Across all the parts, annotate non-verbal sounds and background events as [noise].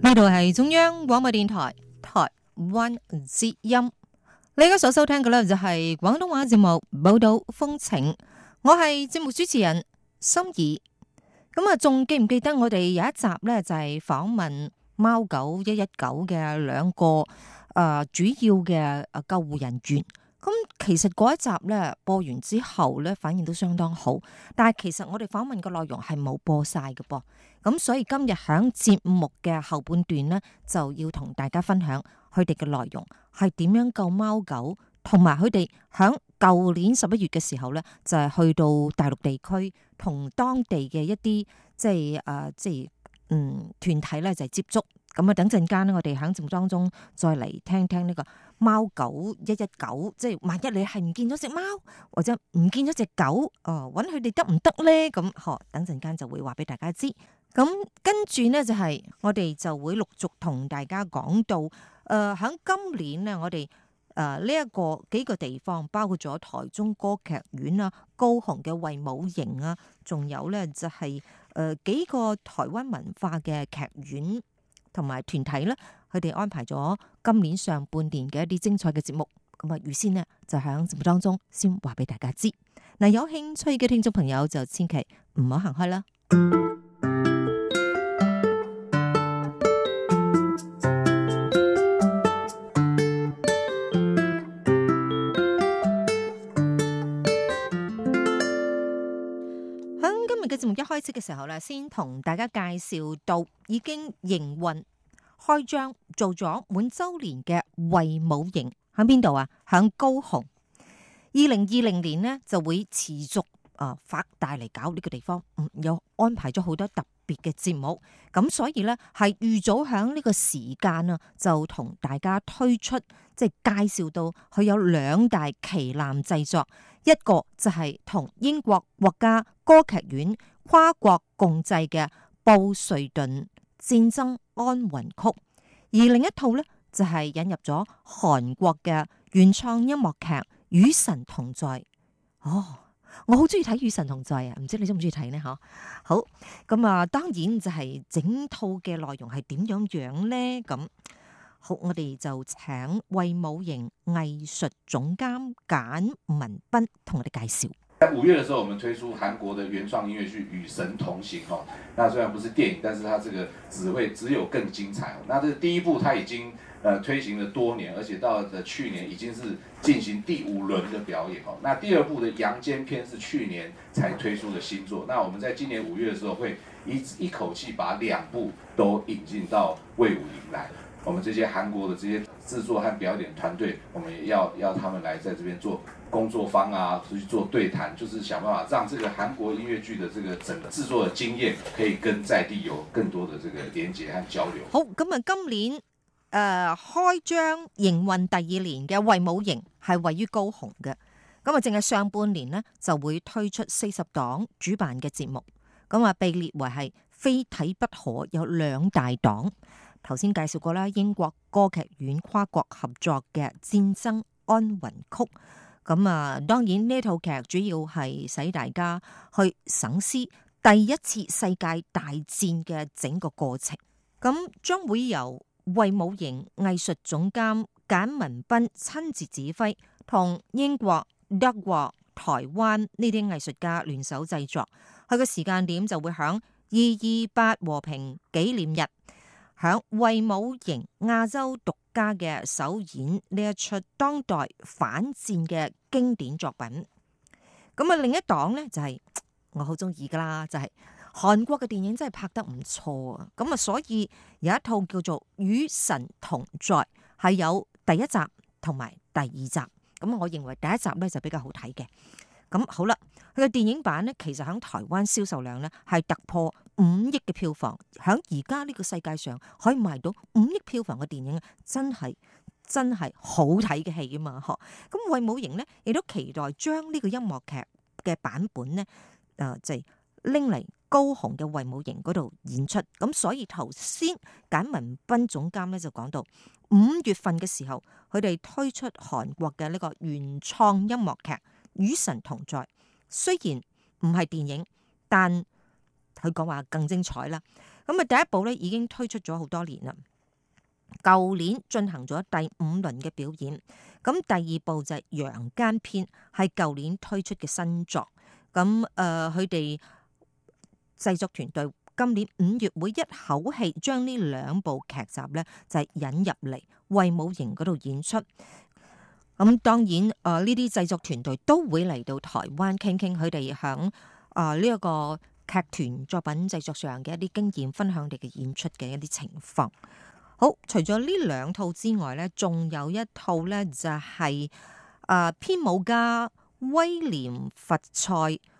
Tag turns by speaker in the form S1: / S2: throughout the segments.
S1: 呢度係中央廣播電台台灣之音，你而家所收聽嘅呢，就係廣東話節目《寶島風情》，我係節目主持人心儀。咁啊，仲記唔記得我哋有一集呢，就係、是、訪問貓狗一一九嘅兩個誒、呃、主要嘅誒救護人員？咁其實嗰一集呢，播完之後呢，反應都相當好。但係其實我哋訪問嘅內容係冇播晒嘅噃。咁所以今日喺節目嘅後半段咧，就要同大家分享佢哋嘅內容係點樣救貓狗，同埋佢哋喺舊年十一月嘅時候咧，就係去到大陸地區同當地嘅一啲即係誒、呃、即係嗯團體咧就係、是、接觸。咁啊，等陣間咧，我哋喺節目當中再嚟聽聽呢個貓狗一一九，即係萬一你係唔見咗隻貓或者唔見咗隻狗，誒、哦，搵佢哋得唔得咧？咁嗬、哦，等陣間就會話俾大家知。咁跟住咧，就係、是、我哋就會陸續同大家講到誒，喺、呃、今年呢，我哋誒呢一個幾個地方，包括咗台中歌劇院啊、高雄嘅衛武營啊，仲有咧就係、是、誒、呃、幾個台灣文化嘅劇院同埋團體咧，佢哋安排咗今年上半年嘅一啲精彩嘅節目。咁、呃、啊，預先呢，就喺節目當中先話俾大家知嗱、呃。有興趣嘅聽眾朋友就千祈唔好行開啦。嘅時候咧，先同大家介紹到已經營運開張做咗滿周年嘅衛武營喺邊度啊？響高雄，二零二零年咧就會持續啊發大嚟搞呢個地方，有安排咗好多特別嘅節目，咁所以咧係預早響呢個時間啊，就同大家推出即係介紹到佢有兩大旗艦製作。一個就係同英國國家歌劇院跨國共製嘅《布瑞頓戰爭安魂曲》，而另一套咧就係引入咗韓國嘅原創音樂劇《與神同行》。哦，我好中意睇《與神同行》啊，唔知你中唔中意睇呢？嗬，好。咁啊，當然就係整套嘅內容係點樣樣咧？咁、嗯。好，我哋就請衛武營藝術總監簡文彬同我哋介紹。
S2: 在五月嘅時候，我們推出韓國的原創音樂劇《與神同行》哦。那雖然不是電影，但是它這個只會只有更精彩。那這個第一部，它已經誒、呃、推行了多年，而且到了去年已經是進行第五輪嘅表演哦。那第二部嘅陽間篇是去年才推出的新作。那我們在今年五月嘅時候，會一一口氣把兩部都引進到衛武營來。我們這些韓國的這些製作和表演團隊，我們要要他們來在這邊做工作坊啊，出去做對談，就是想辦法讓這個韓國音樂劇的這個整個製作的經驗可以跟在地有更多的這個連結和交流。
S1: 好，咁啊，今年誒、呃、開張營運第二年嘅衛武營係位於高雄嘅，咁啊，淨係上半年呢就會推出四十檔主辦嘅節目，咁啊，被列為係非睇不可有兩大檔。頭先介紹過啦，英國歌劇院跨國合作嘅戰爭安魂曲咁啊、嗯，當然呢套劇主要係使大家去省思第一次世界大戰嘅整個過程。咁、嗯、將會由衛武營藝術總監簡文彬親自指揮，同英國、德國、台灣呢啲藝術家聯手製作。佢個時間點就會響二二八和平紀念日。響衛武營亞洲獨家嘅首演呢一出當代反戰嘅經典作品，咁啊，另一檔咧就係、是、我好中意㗎喇，就係、是、韓國嘅電影真係拍得唔錯啊！咁啊，所以有一套叫做《與神同行》，係有第一集同埋第二集，咁我認為第一集咧就比較好睇嘅。咁好啦，佢嘅電影版咧其實喺台灣銷售量咧係突破，五億嘅票房，喺而家呢個世界上可以賣到五億票房嘅電影，真係真係好睇嘅戲啊嘛！呵，咁衛武營咧，亦都期待將呢個音樂劇嘅版本咧，誒、呃，即係拎嚟高雄嘅衛武營嗰度演出。咁所以頭先簡文彬總監咧就講到，五月份嘅時候，佢哋推出韓國嘅呢個原創音樂劇《與神同行》，雖然唔係電影，但佢講話更精彩啦！咁啊，第一部咧已經推出咗好多年啦，舊年進行咗第五輪嘅表演。咁第二部就係《陽間篇》，係舊年推出嘅新作。咁誒，佢哋製作團隊今年五月會一口氣將呢兩部劇集咧就引入嚟衛武營嗰度演出。咁當然誒，呢啲製作團隊都會嚟到台灣傾傾，佢哋響誒呢一個劇團作品製作上嘅一啲經驗分享，你嘅演出嘅一啲情況。好，除咗呢兩套之外咧，仲有一套咧就係、是、啊、呃、編舞家威廉佛塞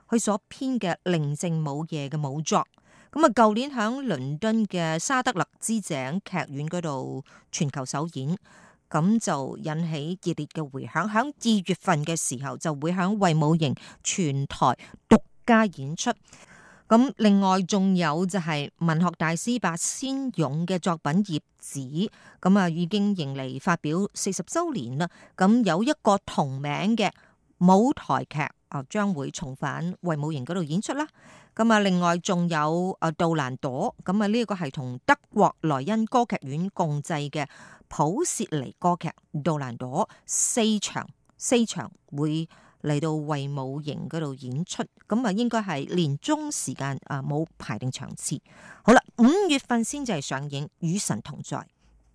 S1: 佢所編嘅《寧靜舞夜》嘅舞作。咁啊，舊年喺倫敦嘅沙德勒之井劇院嗰度全球首演，咁就引起熱烈嘅回響。喺二月份嘅時候就會喺衛武營全台獨家演出。咁另外仲有就係文學大師白先勇嘅作品《孽子》，咁啊已經迎嚟發表四十週年啦。咁有一個同名嘅舞台劇啊，將會重返衛武營嗰度演出啦。咁啊，另外仲有啊《杜蘭朵》，咁啊呢個係同德國萊茵歌劇院共製嘅普契尼歌劇《杜蘭朵》，四場四場會，嚟到衛武營嗰度演出，咁啊應該係年終時間啊，冇排定場次。好啦，五月份先至係上映《與神同行》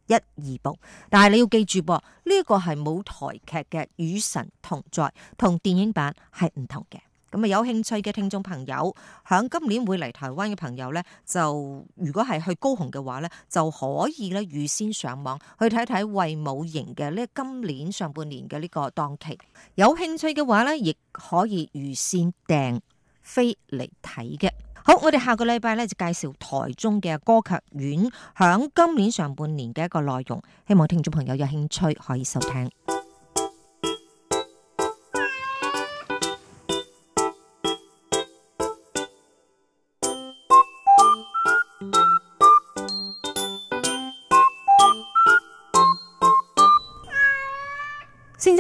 S1: 一二部，但係你要記住噃，呢、這個係舞台劇嘅《與神同行》，同電影版係唔同嘅。咁啊，有興趣嘅聽眾朋友，響今年會嚟台灣嘅朋友咧，就如果係去高雄嘅話咧，就可以咧預先上網去睇睇衛武營嘅呢今年上半年嘅呢個檔期。有興趣嘅話咧，亦可以預先訂飛嚟睇嘅。好，我哋下個禮拜咧就介紹台中嘅歌劇院響今年上半年嘅一個內容，希望聽眾朋友有興趣可以收聽。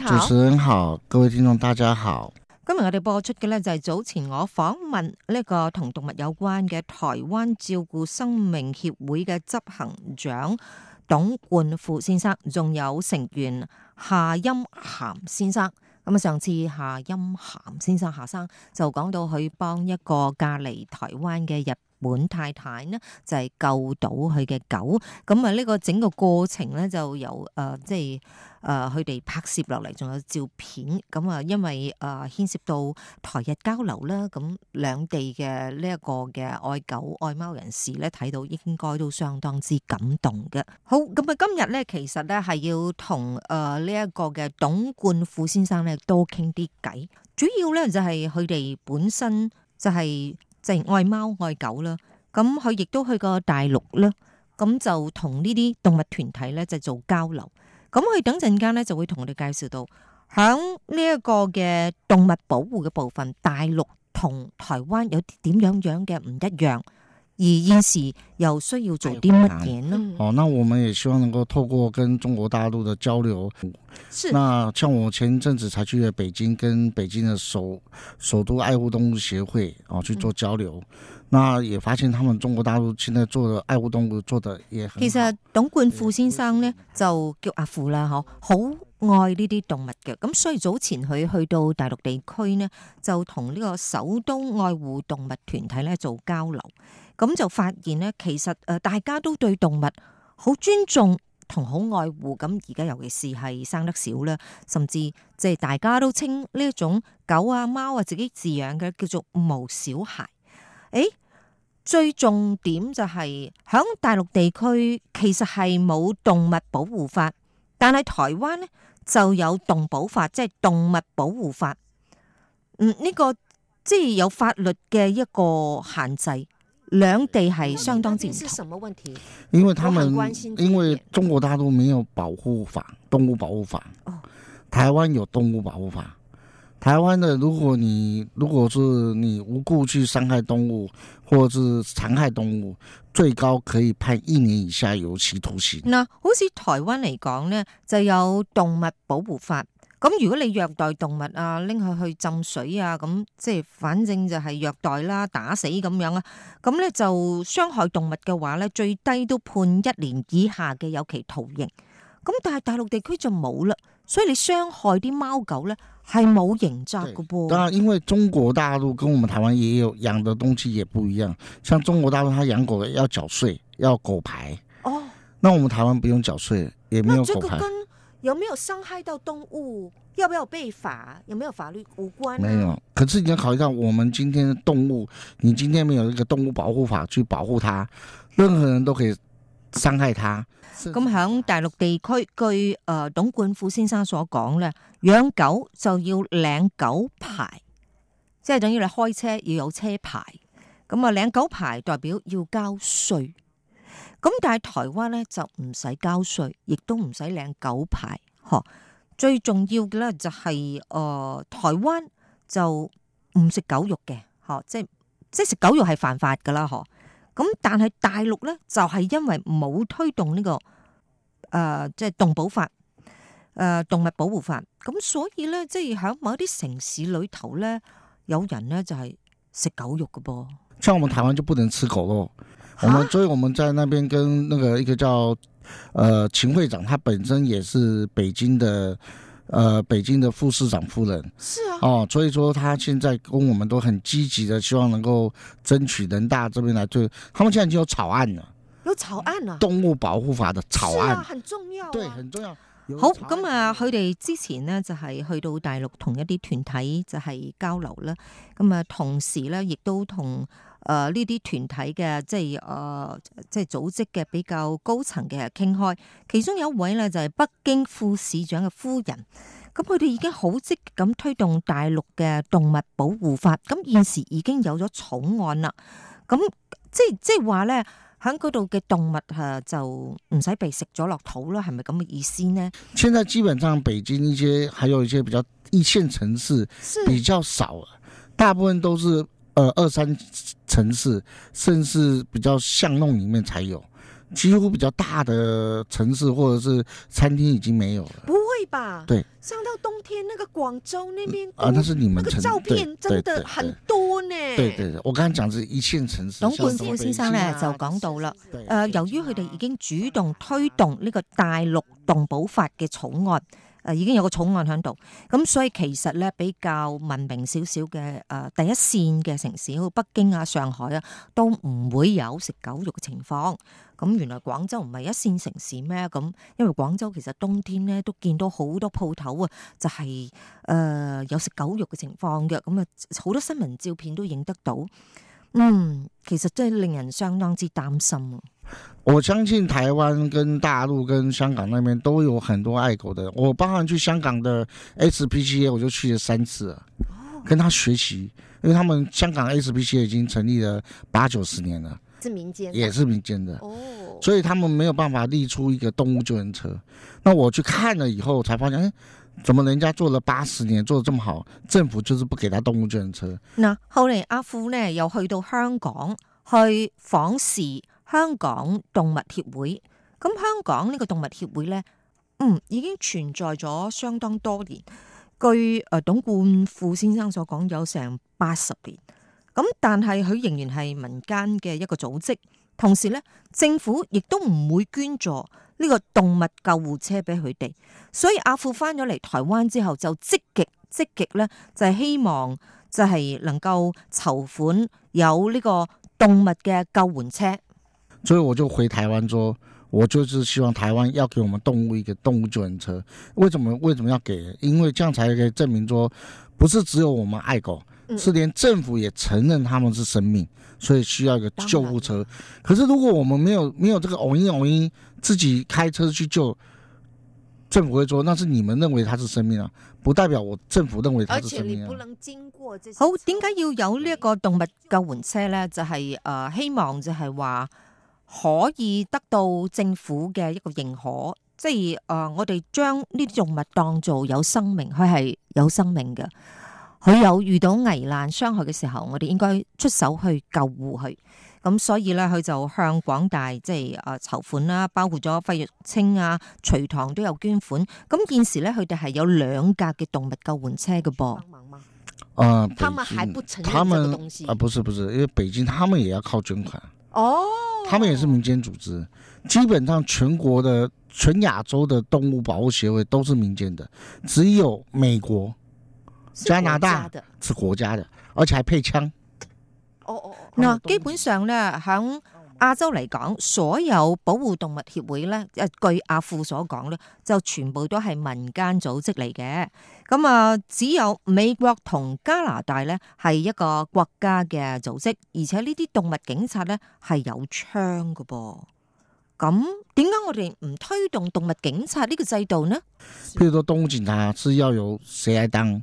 S1: 主持
S2: 人好，各位聽眾大家好。
S1: 今日我哋播出嘅，咧就係早前我訪問呢個同動物有關嘅台灣照顧生命協會嘅執行長董冠富先生，仲有成員夏音涵先生。咁啊，上次夏音涵先生夏生就講到佢幫一個隔離台灣嘅日。本太太呢就係救到佢嘅狗，咁啊呢個整個過程咧就由誒即係誒佢哋拍攝落嚟仲有照片，咁啊因為誒牽涉到台日交流啦，咁兩地嘅呢一個嘅愛狗愛貓人士咧睇到應該都相當之感動嘅。好，咁啊今日咧其實咧係要同誒呢一個嘅董冠富先生咧多傾啲偈，主要咧就係佢哋本身就係。就係愛貓愛狗啦，咁佢亦都去過大陸啦，咁就同呢啲動物團體咧就做交流，咁佢等陣間咧就會同我哋介紹到響呢一個嘅動物保護嘅部分，大陸同台灣有啲點樣樣嘅唔一樣。而現時又需要做啲乜嘢呢？哦，
S2: 那我們也希望能夠透過跟中國大陸的交流，是。那像我前陣子才去了北京跟北京的首首都愛護動物協會哦去做交流，嗯、那也發現他們中國大陸現在做的愛護動物做的也很好。其實
S1: 董冠富先生呢，就叫阿富啦，嗬，好愛呢啲動物嘅。咁所以早前佢去到大陸地區呢，就同呢個首都愛護動物團體咧做交流。咁就發現咧，其實誒，大家都對動物好尊重同好愛護。咁而家尤其是係生得少啦，甚至即係大家都稱呢一種狗啊、貓啊自己飼養嘅叫做毛小孩。誒、哎，最重點就係、是、響大陸地區其實係冇動物保護法，但係台灣咧就有動保法，即、就、係、是、動物保護法。嗯，呢、這個即係、就是、有法律嘅一個限制。兩地係相當之，那那是什麼問題？
S2: 因為他們關心，因為中國大陸沒有保護法，動物保護法。哦，台灣有動物保護法。台灣的，如果你如果是你無故去傷害動物，或者是殘害動物，最高可以判一年以下有期徒刑。
S1: 嗱，好似台灣嚟講呢，就有動物保護法。咁如果你虐待動物啊，拎佢去浸水啊，咁即係反正就係虐待啦，打死咁樣啊，咁咧就傷害動物嘅話咧，最低都判一年以下嘅有期徒刑。咁但係大陸地區就冇啦，所以你傷害啲貓狗咧係冇刑責噶噃。當
S2: 然，因為中國大陸跟我們台灣也有養的東西也不一樣，像中國大陸，他養狗要繳稅，要狗牌。哦，那我們台灣不用繳稅，也沒有狗牌。
S1: 有沒有傷害到動物？要不要被罰？有沒有法律無關、啊？沒有，
S2: 可是你要考慮到我們今天的動物，你今天沒有一個動物保護法去保護它，任何人都可以傷害它。
S1: 咁響大陸地區，據誒、呃、董冠富先生所講咧，養狗就要領狗牌，即係等於你開車要有車牌。咁啊，領狗牌代表要交稅。咁但係台灣咧就唔使交稅，亦都唔使領狗牌。嗬，最重要嘅咧就係、是、誒、呃，台灣就唔食狗肉嘅，嗬、這個呃，即係即係食狗肉係犯法噶啦，嗬。咁但係大陸咧就係因為冇推動呢個誒即係動保法誒、呃、動物保護法，咁所以咧即係喺某一啲城市裏頭咧，有人咧就係食狗肉㗎噃。
S2: 像我們台灣就不能吃狗肉。我們、啊、所以我們在那邊跟那個一個叫，呃秦會長，他本身也是北京的，呃北京的副市長夫人。是啊。哦，所以說他現在跟我們都很積極的，希望能夠爭取人大這邊來對，他們現在已經有草案了。
S1: 有草案啊。
S2: 動物保護法的草案、啊。很重要、啊。對，很重要。好，
S1: 咁啊，佢哋之前呢，就係去到大陸同一啲團體就係交流啦，咁啊同時呢，亦都同。誒，呢啲團體嘅即係誒，即係、呃、組織嘅比較高層嘅傾開，其中有一位呢就係、是、北京副市長嘅夫人，咁佢哋已經好積極咁推動大陸嘅動物保護法，咁現時已經有咗草案啦，咁即係即係話咧喺嗰度嘅動物吓就唔使被食咗落肚啦，係咪咁嘅意思呢？
S2: 現在基本上北京一些，還有一些比較一線城市比較少，是大部分都是，呃，二三城市，甚至比較巷弄裏面才有，幾乎比較大的城市或者是餐廳已經沒有了。不
S1: 會吧？對，上到冬天那個廣州那邊、呃、
S2: 啊，那是你們。那個照片真的很
S1: 多呢。對對，對
S2: 我剛才講的是一線城市。董冠富先生呢就講
S1: 到了、啊，呃，由於佢哋已經主動推動呢個大陸動保法嘅草案。誒，已經有個草案喺度，咁所以其實咧比較文明少少嘅誒，第一線嘅城市，好似北京啊、上海啊，都唔會有食狗肉嘅情況。咁原來廣州唔係一線城市咩？咁因為廣州其實冬天咧都見到好多鋪頭啊，就係誒，有食狗肉嘅情況嘅。咁啊好多新聞照片都影得到。嗯，其實真係令人相當之擔心。
S2: 我相信台灣跟大陸跟香港那邊都有很多愛狗的，我包括去香港的 SPCA，我就去了三次了，哦、跟他學習，因為他們香港 SPCA 已經成立了八九十年了，
S1: 是民間，也是民
S2: 間的哦，所以他們沒有辦法立出一個動物救援車。那我去看了以後，才發現誒。欸怎麼人家做了八十年做得這麼好，政府就是不給他動物捐贈車？
S1: 嗱、啊，後嚟阿富呢又去到香港去訪視香港動物協會，咁、嗯、香港呢個動物協會呢，嗯，已經存在咗相當多年，據誒、呃、董冠富先生所講有成八十年，咁、嗯、但係佢仍然係民間嘅一個組織，同時呢政府亦都唔會捐助。呢個動物救護車俾佢哋，所以阿富翻咗嚟台灣之後就積極積極咧，就係希望就係能夠籌款有呢個動物嘅救援車。
S2: 所以我就回台灣說，我就是希望台灣要給我們動物一個動物救援車。為什麼為什麼要給？因為這樣才可以證明說，不是只有我們愛狗，是連政府也承認他們是生命。所以需要一個救護車，可是如果我們沒有沒有這個偶音偶因自己開車去救，政府會做，那是你們認為它是生命啊，不代表我政府認為它是生命啊。而且你不能經過
S1: 好，點解要有呢一個動物救援車呢？就係、是、誒、呃，希望就係話可以得到政府嘅一個認可，即係誒，我哋將呢啲動物當做有生命，佢係有生命嘅。佢有遇到危難傷害嘅時候，我哋應該出手去救護佢。咁所以呢，佢就向廣大即係、呃、啊籌款啦，包括咗費玉清啊、隋棠都有捐款。咁現時呢，佢哋係有兩架嘅動物救援車嘅噃。啊、呃，他
S2: 們還不承認這個東西啊、呃，不是不是，因為北京他們也要靠捐款。哦，他們也是民間組織，基本上全國的、 [laughs] 全亞洲的動物保護協會都是民間的，只有美國。加拿大是國家嘅，而且還配槍。
S1: 基本上呢，喺亞洲嚟講，所有保護動物協會呢，誒、呃，據阿富所講呢，就全部都係民間組織嚟嘅。咁、嗯、啊、呃，只有美國同加拿大呢，係一個國家嘅組織，而且呢啲動物警察呢，係有槍㗎噃。咁點解我哋唔推動動物警察呢個制度呢？
S2: 譬如說東、啊，動物警察是要由誰嚟當？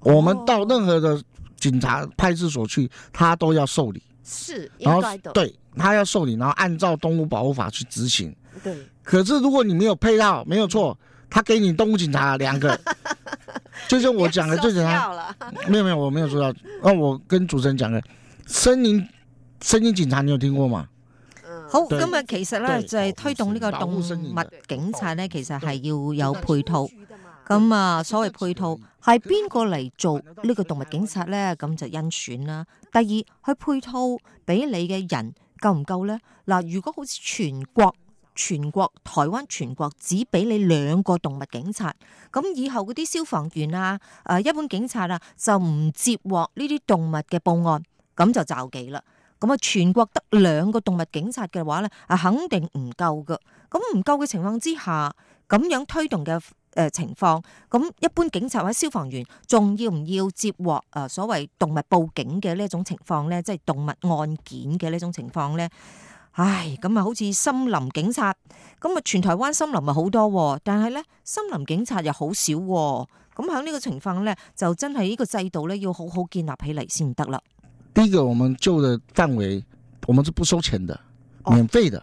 S2: 我們到任何的警察派出所去，他都要受理，是，然後對他要受理，然後按照動物保護法去執行。對，可是如果你沒有配套，沒有錯，他給你動物警察兩個，就像我講的就像他，不沒有沒有，我沒有說到，那我跟主持人講嘅，森林森林警察你有聽過嗎？
S1: 好，今日其實呢，就係推動呢個動物警察呢，其實係要有配套。咁啊，所謂配套係邊個嚟做呢個動物警察咧？咁就甄選啦。第二，佢配套俾你嘅人夠唔夠咧？嗱，如果好似全國、全國、台灣、全國只俾你兩個動物警察，咁以後嗰啲消防員啊、誒一般警察啊，就唔接獲呢啲動物嘅報案，咁就就忌啦。咁啊，全國得兩個動物警察嘅話咧，啊肯定唔夠噶。咁唔夠嘅情況之下，咁樣推動嘅。誒、呃，情況咁一般，警察或者消防員仲要唔要接獲誒、呃、所謂動物報警嘅呢種情況咧？即係動物案件嘅呢種情況咧？唉，咁啊，好似森林警察咁啊，全台灣森林啊好多，哦，但係咧，森林警察又好少，哦，咁喺呢個情況咧，就真係呢個制度咧要好好建立起嚟先得啦。
S2: 呢一個我們做嘅範圍，我們是不收錢的，免費的。哦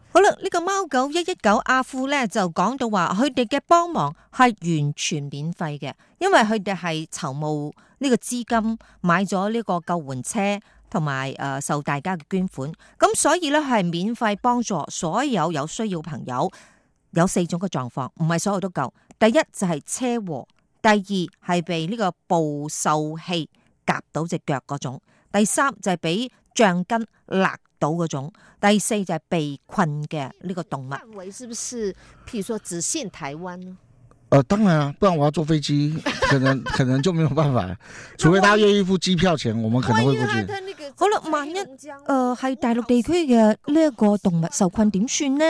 S1: 好啦，呢、這個貓狗一一九阿富咧，就講到話，佢哋嘅幫忙係完全免費嘅，因為佢哋係籌募呢個資金買咗呢個救援車，同埋誒受大家嘅捐款，咁所以咧係免費幫助所有有需要朋友。有四種嘅狀況，唔係所有都夠。第一就係車禍，第二係被呢個捕獸器夾到隻腳嗰種。第三就係俾橡筋勒到嗰種，第四就係被困嘅呢個動物。範圍是不是譬如說只限台灣咯？
S2: 誒，當然啊，不然我要坐飛機，可能 [laughs] 可能就沒有辦法。除非他願意付機票錢， [laughs] 我們可能會過去。
S1: 好啦 [laughs] [laughs] 萬一誒係、呃、大陸地區嘅呢一個動物受困，點算呢？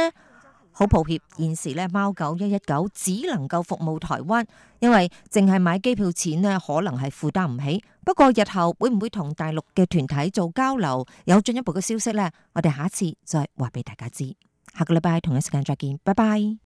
S1: 好抱歉，現時咧貓狗一一九只能夠服務台灣，因為淨係買機票錢咧可能係負擔唔起。不過日後會唔會同大陸嘅團體做交流，有進一步嘅消息呢？我哋下一次再話俾大家知。下個禮拜同一時間再見，拜拜。